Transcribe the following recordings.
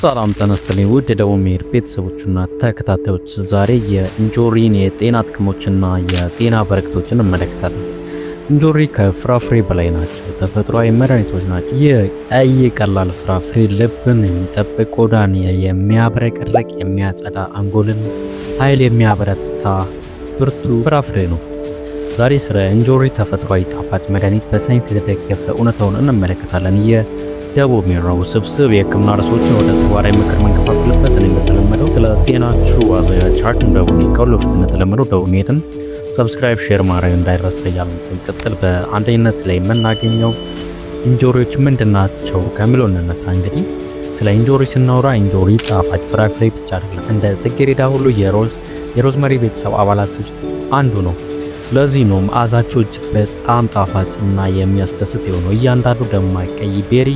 ሰላም ተነስተልኝ ውድ የደቡብ ምሁር ቤተሰቦችና ተከታታዮች፣ ዛሬ የእንጆሪን የጤና ጥቅሞችና የጤና በረከቶችን እንመለከታለን። እንጆሪ ከፍራፍሬ በላይ ናቸው፣ ተፈጥሯዊ መድኃኒቶች ናቸው። የቀይ ቀላል ፍራፍሬ ልብን የሚጠብቅ ቆዳን የሚያብረቀርቅ የሚያጸዳ፣ አንጎልን ኃይል የሚያበረታ ብርቱ ፍራፍሬ ነው። ዛሬ ስለ እንጆሪ ተፈጥሯዊ ጣፋጭ መድኃኒት በሳይንስ የተደገፈ እውነታውን እንመለከታለን። ደቡብ የሚራቡ ስብስብ የህክምና ርዕሶችን ወደ ተግባራዊ ምክር የምንከፋፍልበትን እንደተለመደው ስለ ጤናችሁ አዘጋጅ ቻርትን በሁኔታው ለፍት እንደተለመደው ደቡሜትን ሰብስክራይብ ሼር ማድረግ እንዳይረሳ እያልን ስንቀጥል በአንደኝነት ላይ የምናገኘው እንጆሪዎች ምንድን ናቸው ከሚለው እንነሳ። እንግዲህ ስለ እንጆሪ ስናወራ እንጆሪ ጣፋጭ ፍራፍሬ ብቻ አይደለም። እንደ ጽጌረዳ ሁሉ የሮዝ የሮዝመሪ ቤተሰብ አባላት ውስጥ አንዱ ነው። ለዚህ ነው መዓዛቸው እጅግ በጣም ጣፋጭ እና የሚያስደስት የሆነው። እያንዳንዱ ደማቅ ቀይ ቤሪ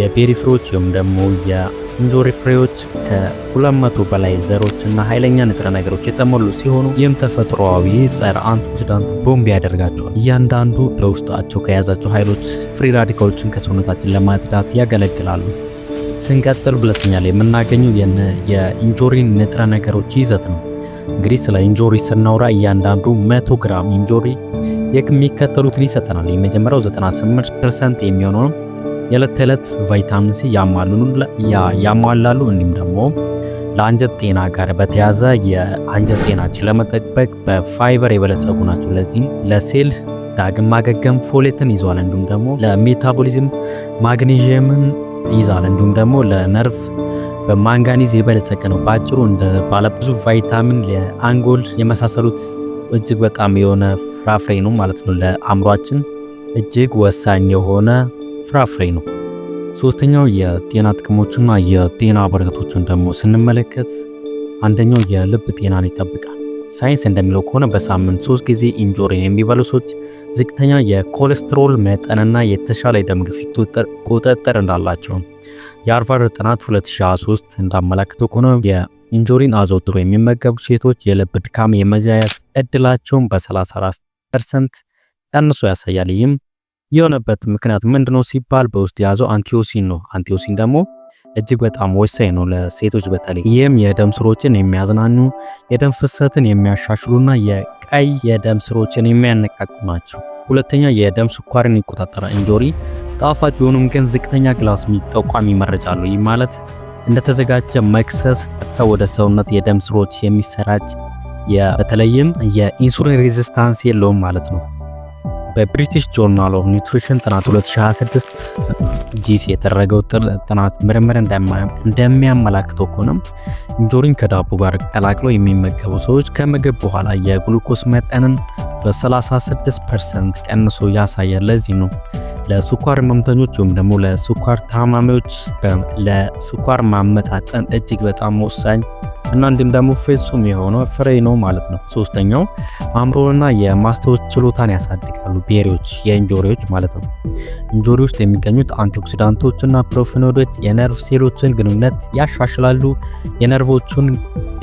የቤሪ ፍሬዎች ወይም ደግሞ የእንጆሪ ፍሬዎች ከ200 በላይ ዘሮች እና ኃይለኛ ንጥረ ነገሮች የተሞሉ ሲሆኑ ይህም ተፈጥሯዊ ጸረ አንቲኦክሲዳንት ቦምብ ያደርጋቸዋል። እያንዳንዱ በውስጣቸው ከያዛቸው ኃይሎች ፍሪ ራዲካሎችን ከሰውነታችን ለማጽዳት ያገለግላሉ። ስንቀጥል ሁለተኛ ላይ የምናገኘው የእንጆሪ ንጥረ ነገሮች ይዘት ነው። እንግዲህ ስለ ኢንጆሪ ስናወራ እያንዳንዱ 100 ግራም ኢንጆሪ የሚከተሉትን ይሰጠናል። የመጀመሪያው 98 ፐርሰንት የሚሆነው የዕለት ተዕለት ቫይታሚን ሲ ያሟላሉ። እንዲሁም ደግሞ ለአንጀት ጤና ጋር በተያዘ የአንጀት ጤናችን ለመጠበቅ በፋይበር የበለጸጉ ናቸው። ለዚህም ለሴል ዳግም ማገገም ፎሌትን ይዟል። እንዲሁም ደግሞ ለሜታቦሊዝም ማግኔዥየምን ይዛል። እንዲሁም ደግሞ ለነርቭ በማንጋኒዝ የበለጸገ ነው። በአጭሩ እንደ ባለብዙ ቫይታሚን ለአንጎል የመሳሰሉት እጅግ በጣም የሆነ ፍራፍሬ ነው ማለት ነው። ለአእምሯችን እጅግ ወሳኝ የሆነ ፍራፍሬ ነው። ሶስተኛው የጤና ጥቅሞችና የጤና በረከቶችን ደግሞ ስንመለከት አንደኛው የልብ ጤናን ይጠብቃል። ሳይንስ እንደሚለው ከሆነ በሳምንት ሶስት ጊዜ እንጆሪን የሚበሉ ሰዎች ዝቅተኛ የኮሌስትሮል መጠንና የተሻለ የደም ግፊት ቁጥጥር እንዳላቸው የሃርቫርድ ጥናት 2023 እንዳመላክተው ከሆነ የእንጆሪን አዘውትሮ የሚመገቡ ሴቶች የልብ ድካም የመያዝ እድላቸውን በ34 ፐርሰንት ቀንሶ ያሳያል። ይህም የሆነበት ምክንያት ምንድነው ሲባል በውስጥ የያዘው አንቲዮሲን ነው። አንቲዮሲን ደግሞ እጅግ በጣም ወሳኝ ነው ለሴቶች በተለይ ይህም የደም ስሮችን የሚያዝናኑ የደም ፍሰትን የሚያሻሽሉና የቀይ የደም ስሮችን የሚያነቃቁ ናቸው። ሁለተኛ የደም ስኳርን ይቆጣጠራል። እንጆሪ ጣፋጭ ቢሆኑም ግን ዝቅተኛ ግላስ ጠቋሚ መረጃ አለው። ይህ ማለት እንደተዘጋጀ መክሰስ ወደ ሰውነት የደም ስሮች የሚሰራጭ በተለይም የኢንሱሊን ሬዚስታንስ የለውም ማለት ነው። በብሪቲሽ ጆርናል ኦፍ ኒውትሪሽን ጥናት 2026 ጂስ የተደረገው ጥናት ምርምር እንደሚያመላክተው ከሆነም እንጆሪን ከዳቦ ጋር ቀላቅለው የሚመገቡ ሰዎች ከምግብ በኋላ የግሉኮስ መጠንን በ36 ፐርሰንት ቀንሶ ያሳያል። ለዚህ ነው ለስኳር ህመምተኞች ወይም ደግሞ ለስኳር ታማሚዎች ለስኳር ማመጣጠን እጅግ በጣም ወሳኝ እና እንዲሁም ደግሞ ፍጹም የሆነ ፍሬ ነው ማለት ነው። ሶስተኛው አእምሮንና የማስታወስ ችሎታን ያሳድጋሉ። ቤሪዎች የእንጆሪዎች ማለት ነው። እንጆሪ ውስጥ የሚገኙት አንቲኦክሲዳንቶችና ፕሮፊኖዶች የነርቭ ሴሎችን ግንኙነት ያሻሽላሉ። የነርቮቹን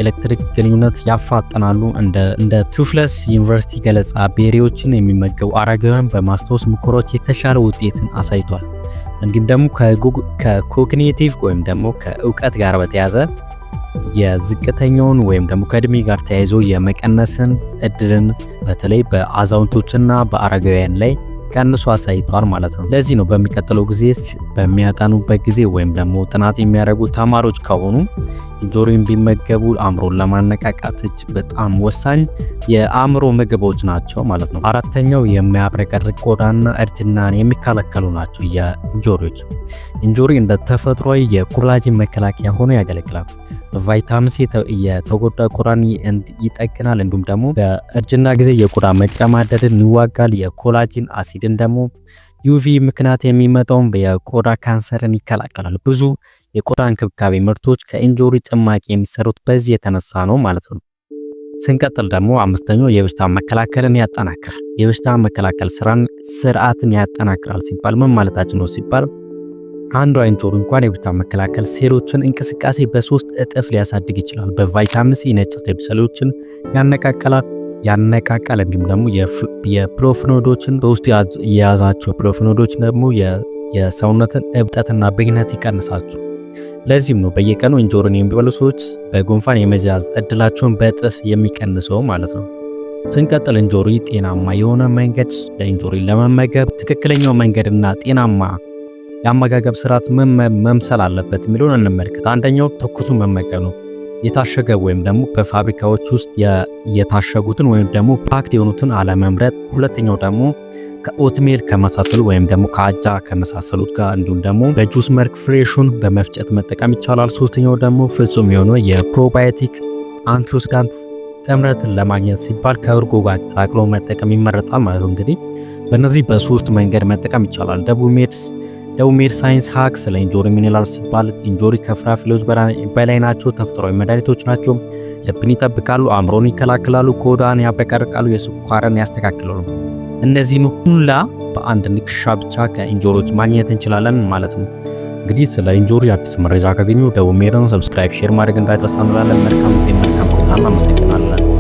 ኤሌክትሪክ ግንኙነት ያፋጠናሉ። እንደ ቱፍለስ ዩኒቨርሲቲ ገለጻ ቤሪዎችን የሚመገቡ አረጋውያን በማስታወስ ምክሮች የተሻለ ውጤትን አሳይቷል። እንዲሁም ደግሞ ከኮግኒቲቭ ወይም ደግሞ ከእውቀት ጋር በተያያዘ የዝቅተኛውን ወይም ደግሞ ከእድሜ ጋር ተያይዞ የመቀነስን እድልን በተለይ በአዛውንቶችና በአረጋውያን ላይ ቀንሶ አሳይቷል ማለት ነው። ለዚህ ነው በሚቀጥለው ጊዜ በሚያጠኑበት ጊዜ ወይም ደግሞ ጥናት የሚያደርጉ ተማሪዎች ከሆኑ እንጆሪን ቢመገቡ አእምሮን ለማነቃቃት እጅግ በጣም ወሳኝ የአእምሮ ምግቦች ናቸው ማለት ነው። አራተኛው የሚያብረቀርቅ ቆዳና እርጅናን የሚከለከሉ ናቸው የእንጆሪዎች። እንጆሪ እንደ ተፈጥሯዊ የኮላጅን መከላከያ ሆኖ ያገለግላል። በቫይታሚን ሲ የተጎዳ ቆዳን ይጠግናል። እንዲሁም ደግሞ በእርጅና ጊዜ የቆዳ መጨማደድን ይዋጋል። የኮላጂን አሲድን ደግሞ ዩቪ ምክንያት የሚመጣውን የቆዳ ካንሰርን ይከላከላል። ብዙ የቆዳ እንክብካቤ ምርቶች ከእንጆሪ ጭማቂ የሚሰሩት በዚህ የተነሳ ነው ማለት ነው። ስንቀጥል ደግሞ አምስተኛው የበሽታ መከላከልን ያጠናክራል። የበሽታ መከላከል ስራን ስርዓትን ያጠናክራል ሲባል ምን ማለታችን ነው ሲባል አንዱ አይን ጦር እንኳን የበሽታ መከላከል ሴሎችን እንቅስቃሴ በሶስት እጥፍ ሊያሳድግ ይችላል። በቫይታሚን ሲ ነጭ ደም ሴሎችን ያነቃቀላል ያነቃቃል እንዲሁም ደግሞ የፕሮፍኖዶችን በውስጡ የያዛቸው ፕሮፍኖዶች ደግሞ የሰውነትን እብጠትና ብግነት ይቀንሳሉ። ለዚህም ነው በየቀኑ እንጆርን የሚበሉ ሰዎች በጉንፋን የመያዝ እድላቸውን በእጥፍ የሚቀንሰው ማለት ነው። ስንቀጥል እንጆሪ ጤናማ የሆነ መንገድ ለእንጆሪ ለመመገብ ትክክለኛው መንገድና ጤናማ የአመጋገብ ስርዓት ምን መምሰል አለበት የሚለውን እንመልከት። አንደኛው ትኩሱን መመገብ ነው። የታሸገ ወይም ደግሞ በፋብሪካዎች ውስጥ የታሸጉትን ወይም ደግሞ ፓክት የሆኑትን አለመምረጥ። ሁለተኛው ደግሞ ከኦትሜል ከመሳሰሉ ወይም ደግሞ ከአጃ ከመሳሰሉት ጋር እንዲሁም ደግሞ በጁስ መልክ ፍሬሹን በመፍጨት መጠቀም ይቻላል። ሶስተኛው ደግሞ ፍጹም የሆነ የፕሮባዮቲክ አንቲኦክሲዳንት ጥምረትን ለማግኘት ሲባል ከእርጎ ጋር ቀላቅሎ መጠቀም ይመረጣል ማለት ነው። እንግዲህ በእነዚህ በሶስት መንገድ መጠቀም ይቻላል። ደቡብ ሜድስ ሜድ ሳይንስ ሀክ ስለ ኢንጆሪ ሚኔራል ሲባል ኢንጆሪ ከፍራፍሬዎች በላይ ናቸው። ተፈጥሯዊ መድኃኒቶች ናቸው። ልብን ይጠብቃሉ፣ አእምሮን ይከላከላሉ፣ ቆዳን ያበቀርቃሉ፣ የስኳርን ያስተካክላሉ። እነዚህ ሁላ በአንድ ንክሻ ብቻ ከእንጆሪዎች ማግኘት እንችላለን ማለት ነው። እንግዲህ ስለ ኢንጆሪ አዲስ መረጃ ካገኙ ሜድን ሰብስክራይብ፣ ሼር ማድረግ እንዳይረሳ እንላለን። መልካም ዜና፣ መልካም ቆይታ።